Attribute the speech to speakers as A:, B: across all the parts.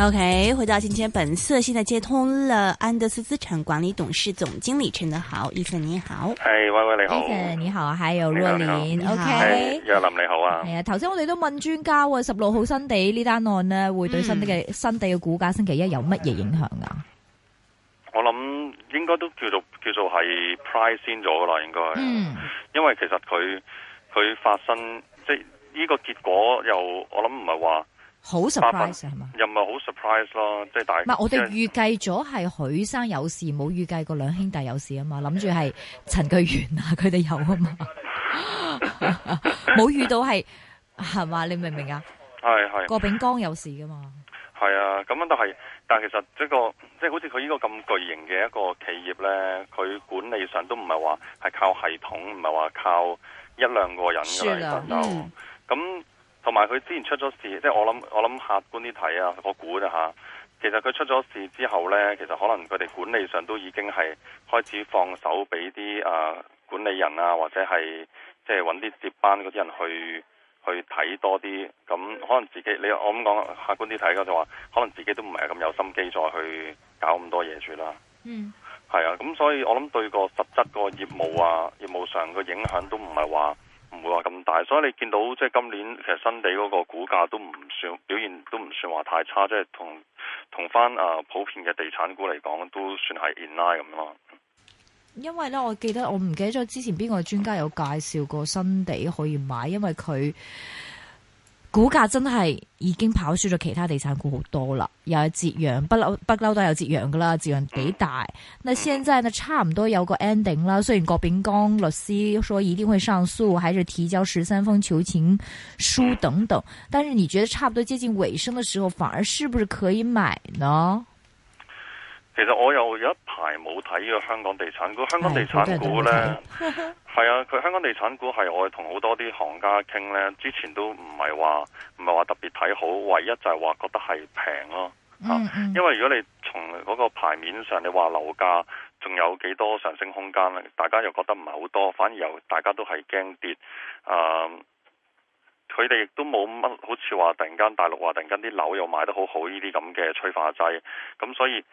A: O、okay, K，回到今天本色，現在接通了安德斯資產管理董事總經理陳德豪，醫生你好。
B: 係喂、hey, 喂，你好。醫生
A: 你好啊，還有若琳。你
B: 好，葉林你好啊。係啊，
A: 頭先我哋都問專家啊，十六號新地
C: 呢單案呢，會對新嘅、mm. 新地嘅股價星期一有乜嘢影響啊？
B: 我諗應該都叫做叫做係 price 先咗啦，應該。嗯。Mm. 因為其實佢佢發生即係呢個結果又，又我諗唔係話。
C: 好 surprise 係嘛？
B: 又唔係好 surprise 咯，即係大。唔係，我哋預
C: 計咗係許生有事，冇預計過兩兄弟有事啊嘛，諗住係陳巨源啊佢哋有啊嘛，冇遇到係係嘛？你明唔明啊？
B: 係係。郭
C: 炳江有事噶嘛？
B: 係啊，咁樣都係。但係其實呢個即係好似佢呢個咁巨型嘅一個企業咧，佢管理上都唔係話係靠系統，唔係話靠一兩個人嚟成就咁。同埋佢之前出咗事，即係我諗我諗客觀啲睇啊，我估啫吓。其實佢出咗事之後咧，其實可能佢哋管理上都已經係開始放手俾啲誒管理人啊，或者係即係揾啲接班嗰啲人去去睇多啲。咁可能自己你我咁講客觀啲睇咧，就話可能自己都唔係咁有心機再去搞咁多嘢住啦。嗯，係啊。咁所以我諗對個實質個業務啊，業務上個影響都唔係話。唔會話咁大，所以你見到即係今年其實新地嗰個股價都唔算表現都唔算話太差，即係同同翻啊普遍嘅地產股嚟講都算係 in line 咁咯。
C: 因為呢，我記得我唔記得咗之前邊個專家有介紹過新地可以買，因為佢。股價真係已經跑輸咗其他地產股好多啦，又係折讓，不嬲不嬲都有折讓㗎啦，折讓幾大。那現在呢，差唔多有個 ending 啦，雖然郭炳江律師說一定會上訴，還是提交十三封求情書等等，但是你覺得差不多接近尾聲的時候，反而是不是可以買呢？
B: 其實我又有一排冇睇呢個香港地產股，香港地產股呢，係 啊，佢香港地產股係我同好多啲行家傾呢。之前都唔係話唔係話特別睇好，唯一就係話覺得係平咯。啊、 因為如果你從嗰個牌面上，你話樓價仲有幾多上升空間咧？大家又覺得唔係好多，反而又大家都係驚跌。啊，佢哋亦都冇乜好似話突然間大陸話突然間啲樓又賣得好好呢啲咁嘅催化劑，咁所以。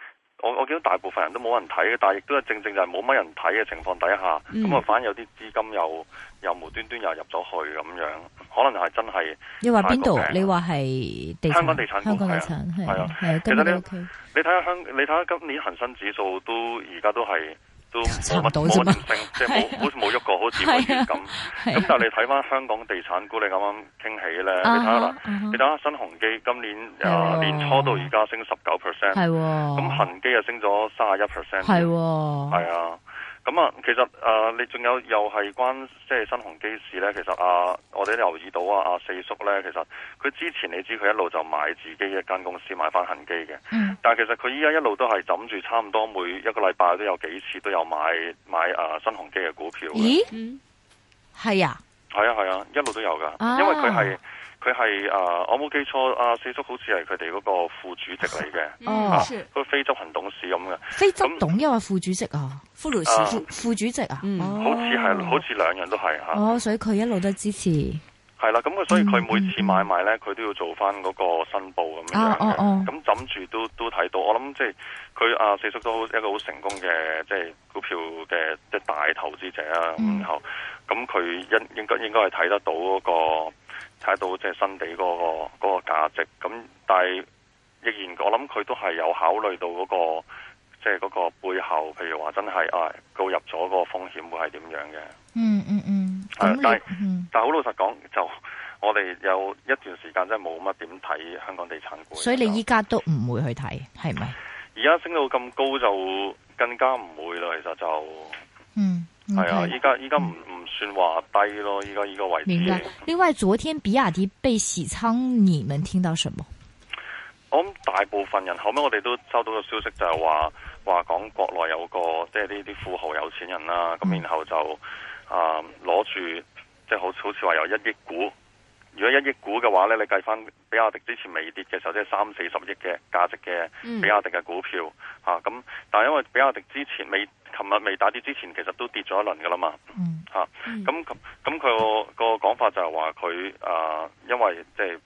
B: 我我見到大部分人都冇人睇，但係亦都係正正就係冇乜人睇嘅情況底下，咁啊、嗯、反而有啲資金又又無端端又入咗去咁樣，可能係真係。你話邊度？你
C: 話係香港地產？香港地產公司係啊，係啊。其
B: 實你睇下香，你睇下今年恒生指數都而家都係。都冇乜，差唔多啫嘛，係、 啊。嘢，咁咁但係你睇翻香港地產股， 啊啊，你咁樣傾起咧，你睇下啦，你睇下新鴻基今年 喲啊年初到而家升十九 percent，係。咁恒基又升咗三十一 percent，係。係啊。喲咁啊，嗯、其實誒，你仲有又係關，即係新鴻基事咧？其實阿我哋留意到啊，阿四叔咧，其實佢之前你知佢一路就買自己一間公司買翻恒基嘅，但係其實佢依家一路都係枕住差唔多每一個禮拜都有幾次都有買買誒新鴻基嘅股票。咦、嗯？係啊，係啊，係啊，一路都有噶，因為佢係。佢係啊，我冇記錯啊，四叔好似係佢哋嗰個副主席嚟嘅，佢非執行董事咁嘅，
C: 非執董啊，副主席啊，副副主席啊，好似
B: 係，好似兩樣都係
C: 吓。哦，所以佢一路都支持。
B: 係啦，咁啊，所以佢每次買賣咧，佢都要做翻嗰個申報咁樣嘅。咁枕住都都睇到，我諗即係佢啊，四叔都一個好成功嘅，即係股票嘅即係大投資者啊。然後咁佢應應該應該係睇得到嗰個。睇到即係新地嗰個嗰個價值，咁但係，依然我諗佢都係有考慮到嗰、嗰個，即係嗰個背後，譬如話真係啊，購入咗嗰個風險會係點樣嘅、嗯。嗯
A: 嗯嗯。嗯但係、嗯，
B: 但係好老實講，就我哋有一段時間真係冇乜點睇香港地產股。所以你依
C: 家都唔會去睇，係咪？
B: 而家升到咁高就更加唔會啦。其實就嗯。係啊，依家依家唔唔算話低咯，依家依個位置。
C: 另外，昨天比亞迪被洗倉，你們聽到什麼？
B: 我諗大部分人後尾我哋都收到個消息就說說個，就係話話講國內有個即係呢啲富豪有錢人啦、啊，咁、嗯、然後就啊攞住即係好好似話有一億股。如果一億股嘅話咧，你計翻比亞迪之前未跌嘅時候，即係三四十億嘅價值嘅比亞迪嘅股票嚇，咁、嗯嗯、但係因為比亞迪之前未，琴日未打跌之前，其實都跌咗一輪噶啦嘛嚇，咁咁佢個講法就係話佢啊，因為即係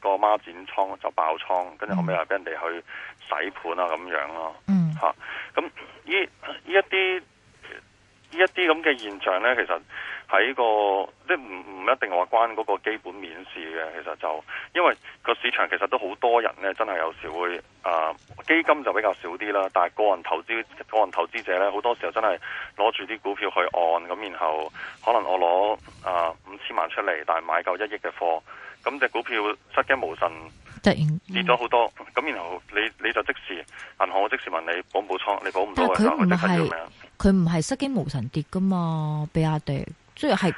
B: 個孖展倉就爆倉，跟住後尾又俾人哋去洗盤啦、啊、咁樣咯嚇，咁呢呢一啲呢一啲咁嘅現象咧，其實,其實～喺個即係唔唔一定話關嗰個基本面事嘅。其實就因為個市場其實都好多人咧，真係有時會啊、呃、基金就比較少啲啦，但係個人投資個人投資者咧，好多時候真係攞住啲股票去按咁，然後可能我攞啊五千萬出嚟，但係買夠一億嘅貨咁，隻股票失驚無神跌咗好多咁，然、嗯、然後你你就即時銀行我即時問你補唔補倉？你補唔到。
C: 佢唔係失驚無神跌噶嘛，比亞迪。即係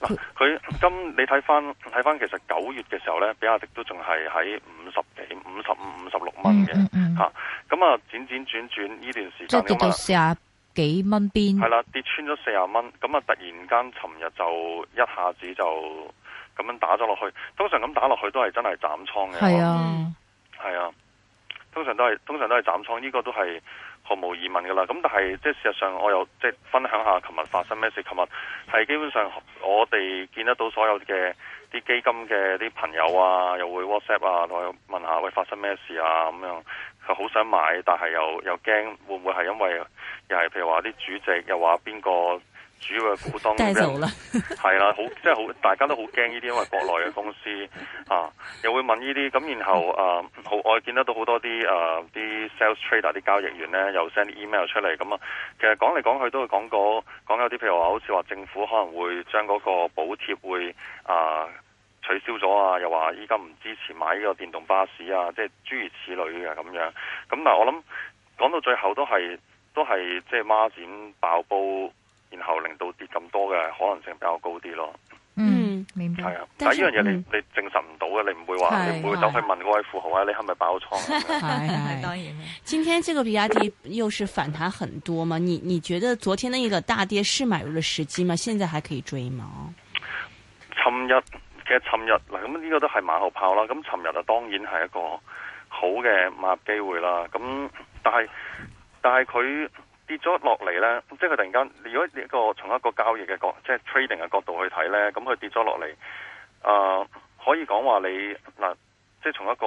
B: 佢今你睇翻睇翻，其實九月嘅時候呢，比亞迪都仲係喺五十幾、五十五、五十六蚊嘅吓。咁、嗯嗯、啊，轉轉轉轉呢段時間、嗯，即、嗯、係跌到四啊
C: 幾蚊邊。係
B: 啦，跌穿咗四啊蚊，咁啊，突然間尋日就一下子就咁樣打咗落去。通常咁打落去都係真係斬倉嘅。係啊，係、嗯、啊，通常都係，通常都係斬倉。呢、這個都係。毫無疑問㗎啦，咁但係即係事實上，我又即係分享下琴日發生咩事。琴日係基本上我哋見得到所有嘅啲基金嘅啲朋友啊，又會 WhatsApp 啊，同佢問下喂發生咩事啊咁樣，佢好想買，但係又又驚會唔會係因為又係譬如話啲主席又話邊個？主要嘅股東，係啦頭，好 即係好，大家都好驚呢啲，因為國內嘅公司啊，又會問呢啲咁，然後啊，好我見得到好多啲啊啲 sales trader 啲交易員咧，又 send 啲 email 出嚟咁啊。其實講嚟講去都會講過講有啲，譬如話好似話政府可能會將嗰個補貼會啊取消咗啊，又話依家唔支持買依個電動巴士啊，即係諸如此類嘅咁樣。咁但係我諗講到最後都係都係即係孖展爆煲。然後令到跌咁多嘅可能性比較高啲咯。嗯，明
A: 白。
B: 係啊的，但係呢樣嘢你、嗯、你，你證實唔到嘅，你唔會話、嗯、你唔會走去問嗰位富豪啊，嗯、你係咪爆倉？當
A: 然。 今天這個比亞迪又是反彈很多嘛？ 你你覺得昨天那個大跌是買入嘅時機嗎？現在還可以追嗎？
B: 尋日嘅尋日嗱，咁、這、呢個都係馬後炮啦。咁尋日啊，當然係一個好嘅買入機會啦。咁但係但係佢。跌咗落嚟呢，即係佢突然間，如果一個從一個交易嘅角，即係 trading 嘅角度去睇呢，咁佢跌咗落嚟，誒、呃，可以講話你嗱、呃，即係從一個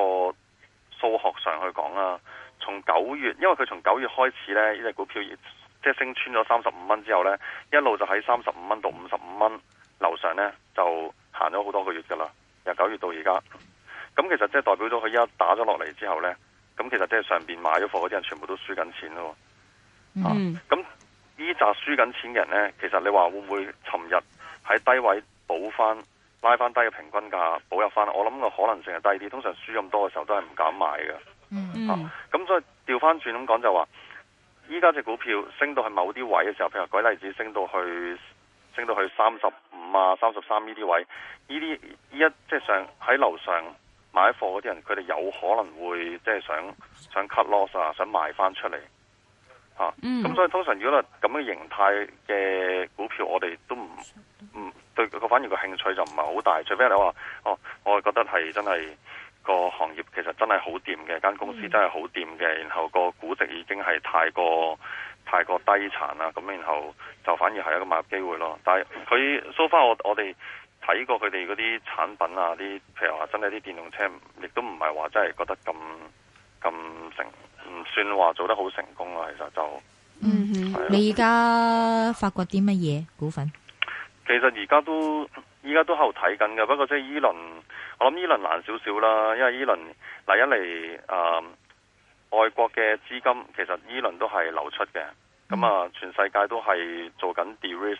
B: 數學上去講啦。從九月，因為佢從九月開始呢，呢隻股票即係升穿咗三十五蚊之後呢，一路就喺三十五蚊到五十五蚊樓上呢，就行咗好多個月噶啦。由九月到而家，咁其實即係代表咗佢一打咗落嚟之後呢，咁其實即係上邊買咗貨嗰啲人全部都輸緊錢咯。嗯，咁呢紮輸緊錢嘅人呢？其實你話會唔會尋日喺低位補翻拉翻低嘅平均價補入翻？我諗個可能性係低啲，通常輸咁多嘅時候都係唔敢買嘅。咁、Mm-hmm. 啊、所以調翻轉咁講就話、是，依家隻股票升到係某啲位嘅時候，譬如舉例子升到去升到去三十五啊、三十三呢啲位，呢啲依一即係上喺樓上買貨嗰啲人，佢哋有可能會即係想想 cut loss 啊，想賣翻出嚟。啊，咁所以通常如果係咁嘅形態嘅股票，我哋都唔唔對個反而個興趣就唔係好大，除非你話哦、啊，我覺得係真係個行業其實真係好掂嘅，間公司真係好掂嘅，然後個估值已經係太過太過低殘啦，咁然後就反而係一個買入機會咯。但係佢 so far 我我哋睇過佢哋嗰啲產品啊，啲譬如話真係啲電動車亦都唔係話真係覺得咁。咁成唔算話做得好成功啦，其實就嗯，
C: 的你而家發掘啲乜嘢股份？
B: 其實而家都，而家都喺度睇緊嘅。不過即係依輪，我諗依輪難少少啦，因為依輪嗱一嚟誒、呃，外國嘅資金其實依、e、輪都係流出嘅。咁啊、嗯，全世界都係做緊 de-risk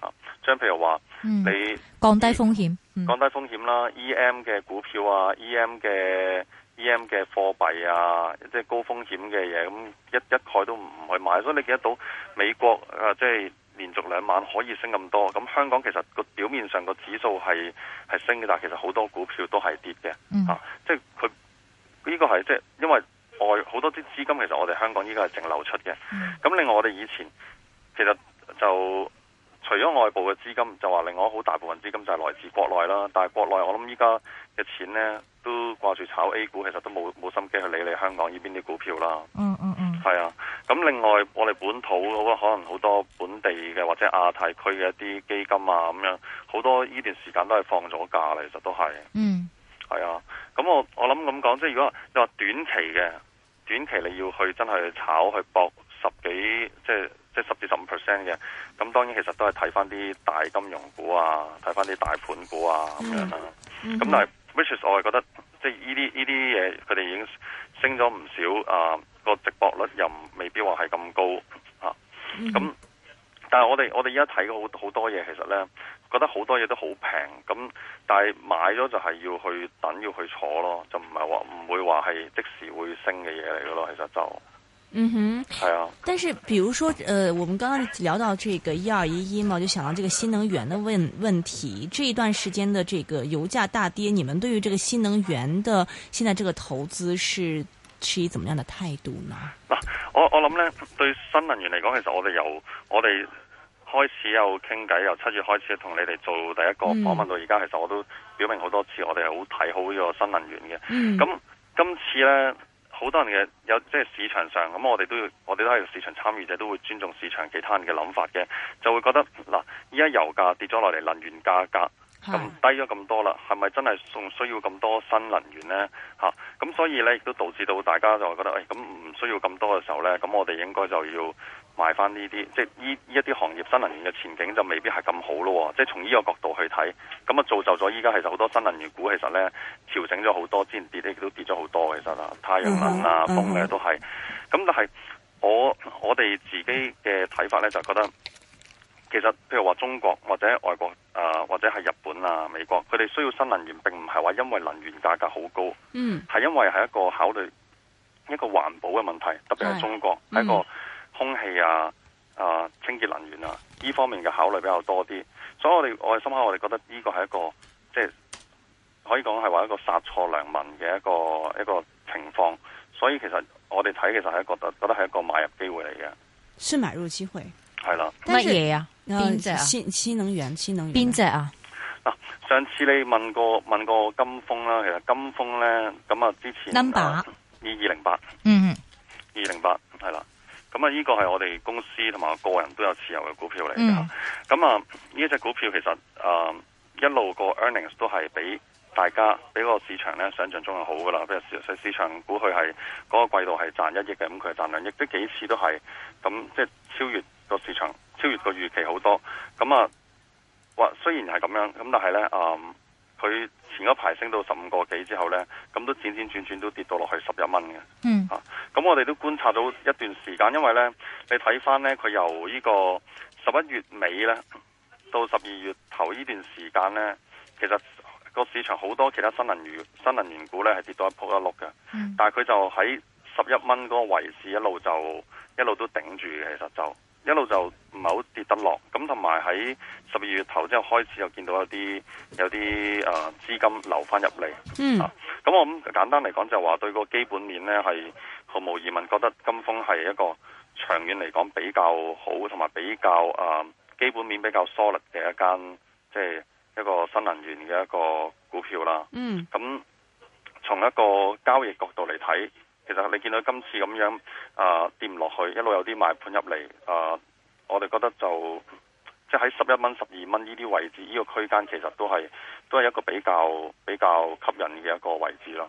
B: 啊，即係譬如話你、嗯、
C: 降低風險，嗯、
B: 降低風險、嗯、啦。E.M. 嘅股票啊，E.M. 嘅、啊。EM E.M. 嘅貨幣啊，即係高風險嘅嘢，咁一一概都唔去買，所以你記得到美國啊，即係連續兩晚可以升咁多。咁香港其實個表面上個指數係係升嘅，但係其實好多股票都係跌嘅、嗯、啊。即係佢呢個係即係因為外好多啲資金其、嗯，其實我哋香港依家係淨流出嘅。咁另外我哋以前其實就除咗外部嘅資金，就話另外好大部分資金就係來自國內啦。但係國內我諗依家嘅錢呢，都掛住炒 A 股，其實都冇冇心機去理你香港呢邊啲股票啦。嗯嗯嗯，係、嗯嗯、啊。咁另外，我哋本土，我覺得可能好多本地嘅或者亞太區嘅一啲基金啊，咁樣好多呢段時間都係放咗假啦。其實都係。嗯。係啊。咁我我諗咁講，即係如果你話短期嘅，短期你要去真係炒去搏十幾，即係即係十至十五 percent 嘅，咁當然其實都係睇返啲大金融股啊，睇返啲大盤股啊咁樣啦。咁但係。which is 我係覺得即係依啲依啲嘢，佢哋已經升咗唔少啊，個、uh, 值博率又未必話係咁高啊。咁、uh, mm hmm. 但係我哋我哋依家睇過好好多嘢，其實咧覺得好多嘢都好平。咁但係買咗就係要去等，要去坐咯，就唔係話唔會話係即時會升嘅嘢嚟嘅咯。其實就。嗯哼，係啊。
A: 但是，比如說，呃，我們剛剛聊到這個一二一一嘛，就想到這個新能源的問問題。這一段時間的這個油價大跌，你們對於這個新能源的現在這個投資是，是持怎麼樣的態度呢？嗱、
B: 啊，我我諗呢，對新能源嚟講，其實我哋由我哋開始有傾偈，由七月開始同你哋做第一個訪問、嗯、到而家，其實我都表明好多次，我哋係好睇好呢個新能源嘅。嗯，咁今次呢。好多人嘅有即係市場上咁，我哋都要，我哋都係市場參與者，都會尊重市場其他人嘅諗法嘅，就會覺得嗱，依家油價跌咗落嚟，能源價格咁、嗯、低咗咁多啦，係咪真係仲需要咁多新能源呢？啊，嚇，咁所以呢，亦都導致到大家就會覺得，誒咁唔需要咁多嘅時候呢，咁我哋應該就要。買翻呢啲，即係呢呢一啲行業，新能源嘅前景就未必係咁好咯。即係從呢個角度去睇，咁啊造就咗依家其實好多新能源股，其實咧調整咗好多，之前跌，跌都跌咗好多，其實啦，太陽能啊、風嘅、mm hmm. 啊、都係。咁但係我我哋自己嘅睇法咧，就覺得其實譬如話中國或者外國啊、呃，或者係日本啊、美國，佢哋需要新能源並唔係話因為能源價格好高，係、mm hmm. 因為係一個考慮一個環保嘅問題，特別係中國係、mm hmm. 一個。空氣啊，啊，清潔能源啊，呢方面嘅考慮比較多啲，所以我哋我哋深刻，我哋覺得呢個係一個即係、即係、可以講係話一個殺錯良民嘅一個一個情況，所以其實我哋睇其實係覺得覺得係一個買入機會嚟嘅，
A: 是買入機會
B: 係啦。乜嘢了是啊？
A: 邊隻新新能源？新能源邊隻啊？嗱，
B: 上次你問過問過金峰啦，其實金峰咧咁啊，之前 number No.、uh, 二二零八，嗯、hmm.，二零八係啦。是咁啊，呢個係我哋公司同埋我個人都有持有嘅股票嚟噶。咁啊、嗯，呢隻股票其實誒一路個 earnings 都係比大家，比個市場咧想象中係好噶啦。即如市，所以市場估佢係嗰個季度係賺一億嘅，咁佢係賺兩億，即係幾次都係咁，即係超越個市場，超越個預期好多。咁啊，話雖然係咁樣，咁但係咧誒。嗯佢前一排升到十五個幾之後呢，咁都轉轉轉轉都跌到落去十一蚊嘅。嗯，咁、啊、我哋都觀察到一段時間，因為呢，你睇翻呢，佢由個呢個十一月尾呢到十二月頭呢段時間呢，其實個市場好多其他新能源新能源股呢係跌到一仆一碌嘅。嗯、但係佢就喺十一蚊嗰個圍市一路就一路都頂住嘅，其實就。一路就唔係好跌得落，咁同埋喺十二月頭之後開始又見到一啲有啲誒資金流翻入嚟，嗯，啊，咁我咁簡單嚟講就話對個基本面呢，係毫無疑問，覺得金風係一個長遠嚟講比較好，同埋比較誒，呃，基本面比較 solid 嘅一間，即係一個新能源嘅一個股票啦。嗯，咁從啊一個交易角度嚟睇，其實你見到今次咁樣啊、呃、跌唔落去，一路有啲買盤入嚟啊，我哋覺得就即喺十一蚊、十二蚊呢啲位置，呢、呢個區間其實都係都係一個比較比較吸引嘅一個位置啦。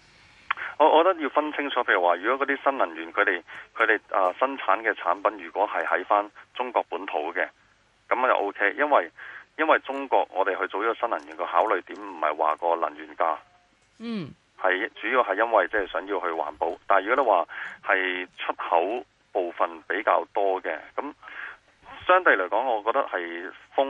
B: 我覺得要分清楚，譬如話，如果嗰啲新能源佢哋佢哋啊生產嘅產品，如果係喺返中國本土嘅，咁啊就 OK，因為因為中國我哋去做呢個新能源嘅考慮點，唔係話個能源價，嗯，係主要係因為即係想要去環保。但係如果你話係出口部分比較多嘅，咁相對嚟講，我覺得係風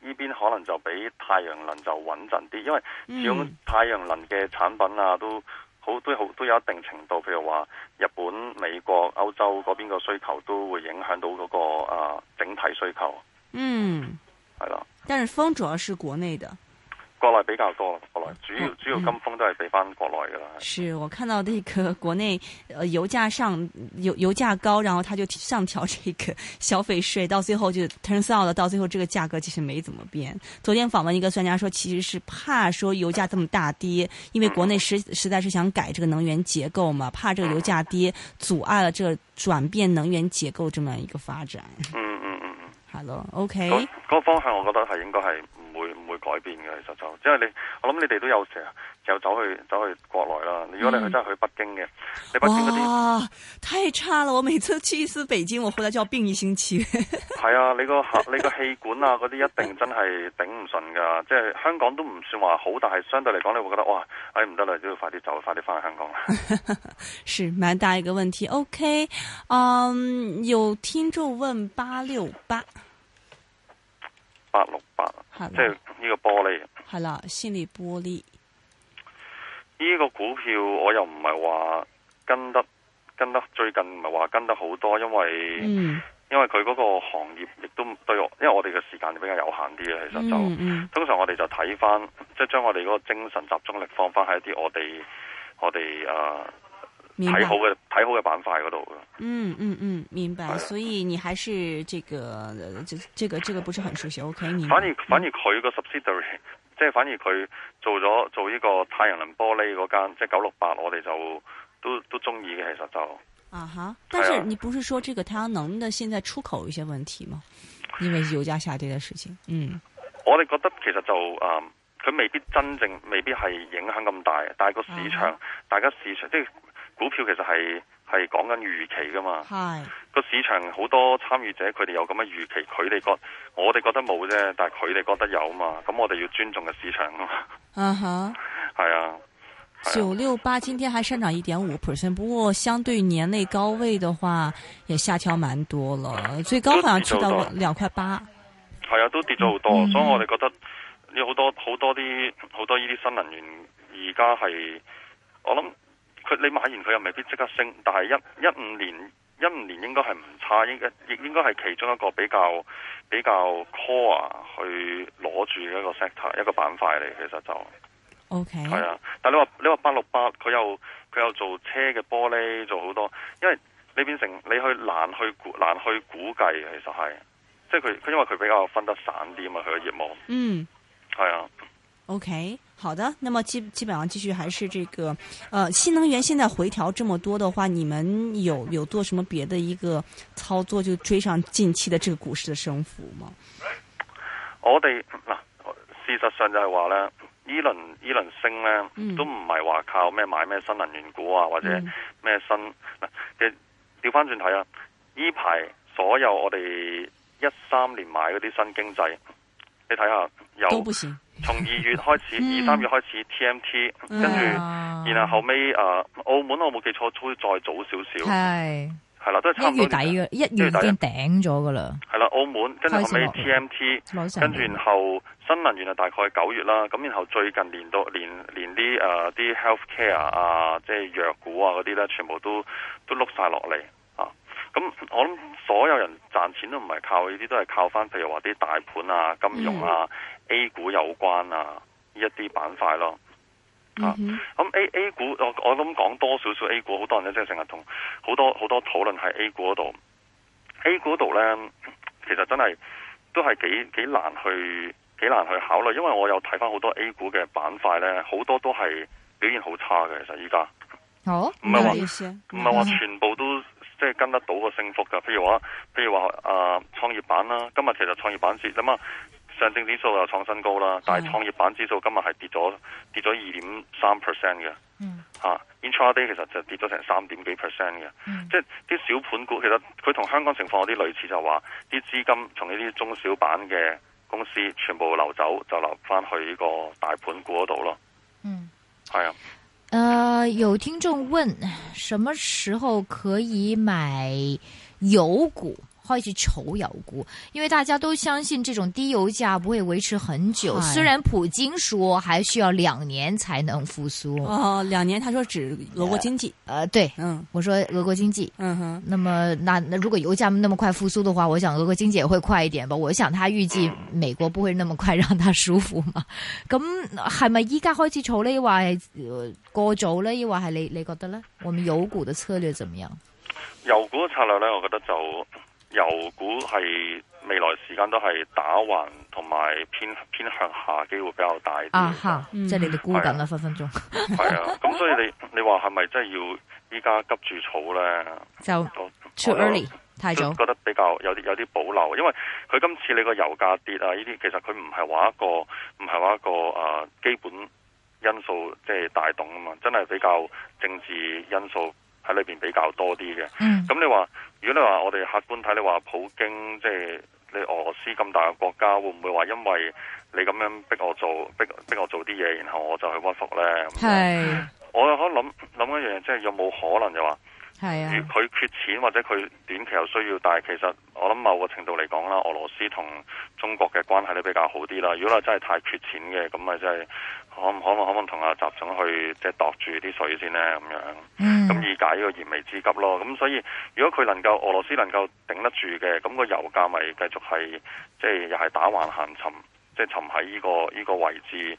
B: 呢邊可能就比太陽能就穩陣啲，因為始終太陽能嘅產品啊都。好都好，都有一定程度，譬如話日本、美國、歐洲嗰邊個需求都會影響到嗰、那個誒、呃、整體需求。嗯，係咯的。
A: 但係風主要是國內的。
B: 國內比較多，國內主要、嗯、主要金風都係俾翻國內噶啦。是，是
A: 我看到呢個國內，呃，油價上油油價高，然後它就上調這個消費稅，到最後就 turns out，到最後這個價格其實沒怎麼變。昨天訪問一個專家說，其實是怕說油價這麼大跌，因為國內實、嗯、實在是想改這個能源結構嘛，怕這個油價跌阻礙了這轉變能源結構這麼一個發展。嗯嗯
B: 嗯
A: 嗯，係咯，OK。
B: 嗰個方向我覺得係應該係。嗯改變嘅，其實就即係你，我諗你哋都有時，又走去走去國內啦。如果你去真係去北京嘅，你北京
A: 嗰啲，哇，太差啦！我每次去一次北京，我回來就要病一星期。
B: 係 啊，你個你個氣 管啊，嗰啲一定真係頂唔順噶。即係香港都唔算話好，但係相對嚟講，你會覺得哇，哎唔得啦，都要快啲走，快啲翻去香港。
A: 是蠻大一個問題。OK，嗯、um,，有聽眾問八六八。
B: 八六八，即係呢個玻璃。
A: 係啦，信義玻璃。
B: 呢個股票我又唔係話跟得跟得最近唔係話跟得好多，因為、
A: 嗯、
B: 因為佢嗰個行業亦都對我，因為我哋嘅時間比較有限啲嘅，其實就嗯嗯嗯通常我哋就睇翻，即係將我哋嗰個精神集中力放翻喺啲我哋我哋啊。睇好嘅睇白好嘅板塊嗰度，嗯嗯嗯，
A: 明白。的所以你還是這個，這個、這個這個不是很熟悉。OK，你反
B: 而反而佢個 subsidiary，即係、嗯、反而佢做咗做呢個太陽能玻璃嗰間，即係九六八，我哋就都都中意嘅，其實就
A: 啊吓？但是,是的你不是說這個太陽能的現在出口一些問題嗎？因為油價下跌嘅事情，
B: 嗯，我哋覺得其實就啊，佢、呃、未必真正未必係影響咁大，但係個市場，大家市場即係。嗯股票其實係係講緊預期噶嘛，個 Hi. 市場好多參與者佢哋有咁嘅預期，佢哋覺我哋覺得冇啫，但係佢哋覺得有嘛，咁我哋要尊重嘅市場噶嘛啊哈，係、 uh huh. 啊，
A: 九六八今天還上漲一點五 percent，不過相對年內高位嘅話，也下調蠻多了，最高好像去到兩塊八。
B: 係 啊，都跌咗好多，mm hmm. 所以我哋覺得呢好多好多啲好多呢啲新能源而家係我諗。佢你買完佢又未必即刻升，但係一一五年一五年應該係唔差，應該亦應該係其中一個比較比較 core 去攞住嘅一個 sector，一個板塊嚟，其實就 OK 係啊。但係你話你話八六八佢又佢又做車嘅玻璃做好多，因為你變成你去難去估難去估計，其實係即係佢佢因為佢比較分得散啲啊嘛，佢嘅業務嗯係、mm. 啊。
A: OK，好的，那麼基基本上繼續還是這個，呃，新能源現在回調這麼多的話，你們有有做什麼別的一個操作，就追上近期的這個股市的升幅嗎？
B: 我哋嗱，事實上就係話呢，呢輪呢輪升呢都唔係話靠咩買咩新能源股啊，或者咩新嗱，調翻轉睇啊，呢排所有我哋一三年買嗰啲新經濟，你睇下有都不行。從二月開始，二三 月開始 TMT、嗯、跟住然後後尾，啊，澳門我冇記錯再早少少，係係啦，都係一月底嘅，一月已經
C: 頂咗噶啦。
B: 係啦，澳門跟住後尾 TMT，跟住然後， 然後新能源啊大概九月啦，咁然後最近連到連連啲誒啲、呃、health care 啊，即係藥股啊嗰啲咧，全部都都碌晒落嚟。咁我諗所有人賺錢都唔係靠呢啲，都係靠翻，譬如話啲大盤啊、金融啊、嗯、A 股有關啊呢一啲板塊咯。嗯、哼啊，咁 A A 股我我諗講多少少 A 股，好多人咧即係成日同好多好多討論喺 A 股嗰度。A 股嗰度咧，其實真係都係幾幾難去幾難去考慮，因為我有睇翻好多 A 股嘅板塊咧，好多都係表現好差嘅，其實依家。
A: 哦，唔係話唔係話全
B: 部都。 即係跟得到個升幅噶，譬如話，譬如話，誒、呃，創業板啦，今日其實創業板跌，咁啊，上證指數又創新高啦，但係創業板指數今日係跌咗，跌咗二點三 percent 嘅，吓、嗯啊、，intraday 其實就跌咗成三點幾 percent 嘅，嗯、即係啲小盤股，其實佢同香港情況有啲類似，就話啲資金從呢啲中小板嘅公司全部流走，就流翻去呢個大盤股嗰度咯，係、嗯、啊。
C: 呃，uh, 有聽眾問，什麼時候可以買油股？開始炒油股，因為大家都相信這種低油價不會維持很久。雖然普京說還需要兩年才能復甦哦，兩年他說指俄國經濟。呃，對，嗯，我說俄國經濟，嗯哼。那麼，那那如果油價那麼快復甦的話，我想俄國經濟也會快一點吧。我想他預計美國不會那麼快讓他舒服嘛。咁係咪依家開始炒呢？話過早呢？亦話係你你覺得呢？我們油股的策略怎麼樣？
B: 油股的策略呢，我覺得就。油股係未來時間都係打橫同埋偏偏向下機會比較大啲吓，啊哈嗯、即係你哋估緊啦，
C: 分分鐘係啊，咁
B: 所以你你話係咪真係要依家急住炒咧？就、so, t too early 太早，覺得比較有啲有啲保留，因為佢今次你個油價跌啊呢啲，其實佢唔係話一個唔係話一個啊基本因素即係帶動啊嘛，真係比較政治因素。喺裏邊比較多啲嘅，咁、嗯、你話，如果你話我哋客觀睇，你話普京即係、就是、你俄羅斯咁大嘅國家，會唔會話因為你咁樣逼我做，逼逼我做啲嘢，然後我就去屈服呢？係，我又可諗諗一樣嘢，即、就、係、是、有冇可能就話、是，係佢、啊、缺錢或者佢短期有需要，但係其實我諗某個程度嚟講啦，俄羅斯同中國嘅關係都比較好啲啦。如果你真係太缺錢嘅，咁咪真係。可唔可唔可唔可以同阿習總去即係度住啲水先呢？咁樣，咁以、mm hmm. 解呢個燃眉之急咯。咁所以如果佢能夠俄羅斯能夠頂得住嘅，咁個油價咪繼續係即係又係打橫行沉，即係沉喺呢、呢個依、呢個位置，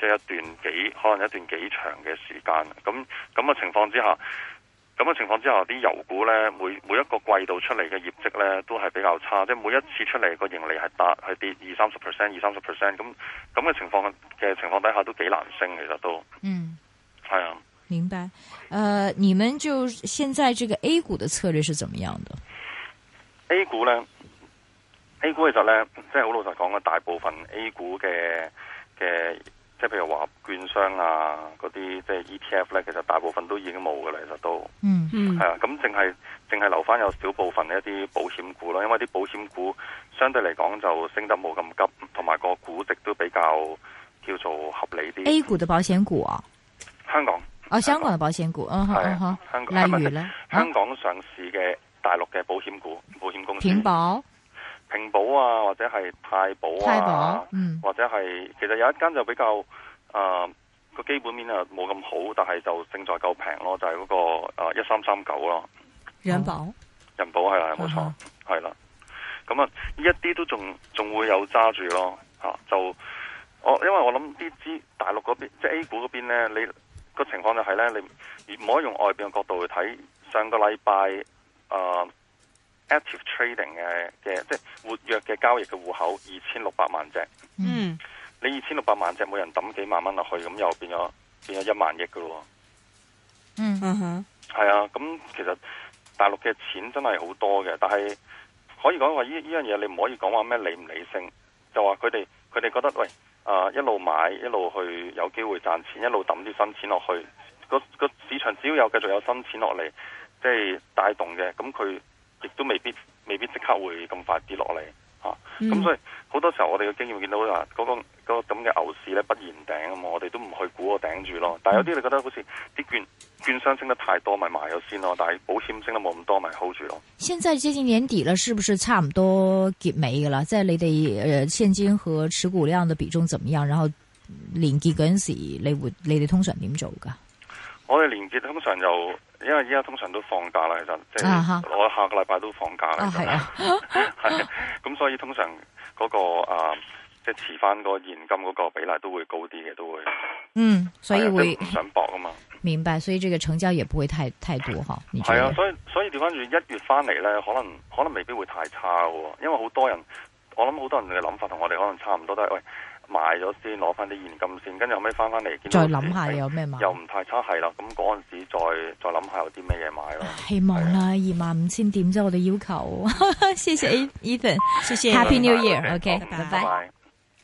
B: 即係一段幾可能一段幾長嘅時間。咁咁嘅情況之下。.咁嘅情況之下，啲油股呢，每每一個季度出嚟嘅業績呢，都係比較差，即係每一次出嚟個盈利係達係跌二三十 percent、二三十 percent 咁咁嘅情況嘅情況底下都幾難升其實都。嗯，係啊。
C: 明白。誒、呃，你們就現在這個 A 股的策略是怎麼樣的
B: ？A 股呢，A 股其實呢，即係好老實講啊，大部分 A 股嘅嘅。即係譬如話券商啊，嗰啲即係 ETF 咧，其實大部分都已經冇噶啦，其實都嗯嗯係啊，咁淨係淨係留翻有少部分一啲保險股啦，因為啲保險股相對嚟講就升得冇咁急，同埋個估值都比較叫做合理啲。A 股
C: 嘅保險股啊,香港啊？香港？哦，香港嘅保險股，嗯哼嗯哼。啊啊、例如咧？
B: 香港上市嘅大陸嘅保險股，啊、保險公司。平安。平保啊，或者係太保啊，嗯、或者係其實有一間就比較誒個、呃、基本面啊冇咁好，但係就勝在夠平、就係嗰個呃、咯，就係嗰個誒一三三九咯。嗯、
A: 人保，
B: 人保係啦，冇錯，係啦、嗯哼。咁啊，一啲都仲仲會有揸住咯吓，就、啊、我因為我諗啲資大陸嗰邊即係 A 股嗰邊咧，你、嗰個情況就係咧，你唔可以用外邊嘅角度去睇，上個禮拜誒。呃 Active Trading 嘅嘅，即係活躍嘅交易嘅戶口，二千六百萬隻。嗯，你二千六百萬隻，每人抌幾萬蚊落去，咁又變咗變咗一萬億噶咯。嗯嗯
A: 哼，
B: 係、hmm. 啊。咁其實大陸嘅錢真係好多嘅，但係可以講話呢呢樣嘢，這個、你唔可以講話咩理唔理性，就話佢哋佢哋覺得喂，誒、呃、一路買一路去有機會賺錢，一路抌啲新錢落去，個個市場只要有繼續有新錢落嚟，即係帶動嘅，咁佢。亦都未必未必即刻會咁快跌落嚟嚇，咁、啊嗯、所以好多時候我哋嘅經驗見到話、那、嗰個、那個咁嘅、那個、牛市咧不言頂啊嘛，我哋都唔去估個頂住咯。但係有啲你覺得好似啲券、嗯、券商升得太多咪賣咗先咯，但係保險升得冇咁多咪 hold 住咯。
C: 現在接近年底啦，是不是差唔多結尾噶啦？即係你哋誒、呃、現金和持股量嘅比重怎麼樣？然後年結陣時你會你哋通常點做噶？
B: 我哋年結通常就，因為依家通常都放假啦，其實，即係我下個禮拜都放假啦，係、uh huh. 啊，係、啊，咁、啊啊 啊、所以通常嗰、那個啊，即係遲翻嗰現金嗰個比例都會高啲嘅，都會，嗯，所以會、啊就是、想搏啊嘛，
C: 明白，所以這個成交也不會太太多，嗬？
B: 係啊，所以所以調翻轉一月翻嚟咧，可能可能未必會太差，因為好多人，我諗好多人嘅諗法同我哋可能差唔多都，都係喂。賣咗先，攞翻啲現金先，跟住後屘翻翻嚟，再諗下有咩買，又唔太差，係啦。咁嗰陣時再再諗下有啲咩嘢買咯。
C: 希望啦，二萬五千點啫。我哋要求。 謝謝 Ethan，
B: 謝謝 Happy New Year，OK，拜拜。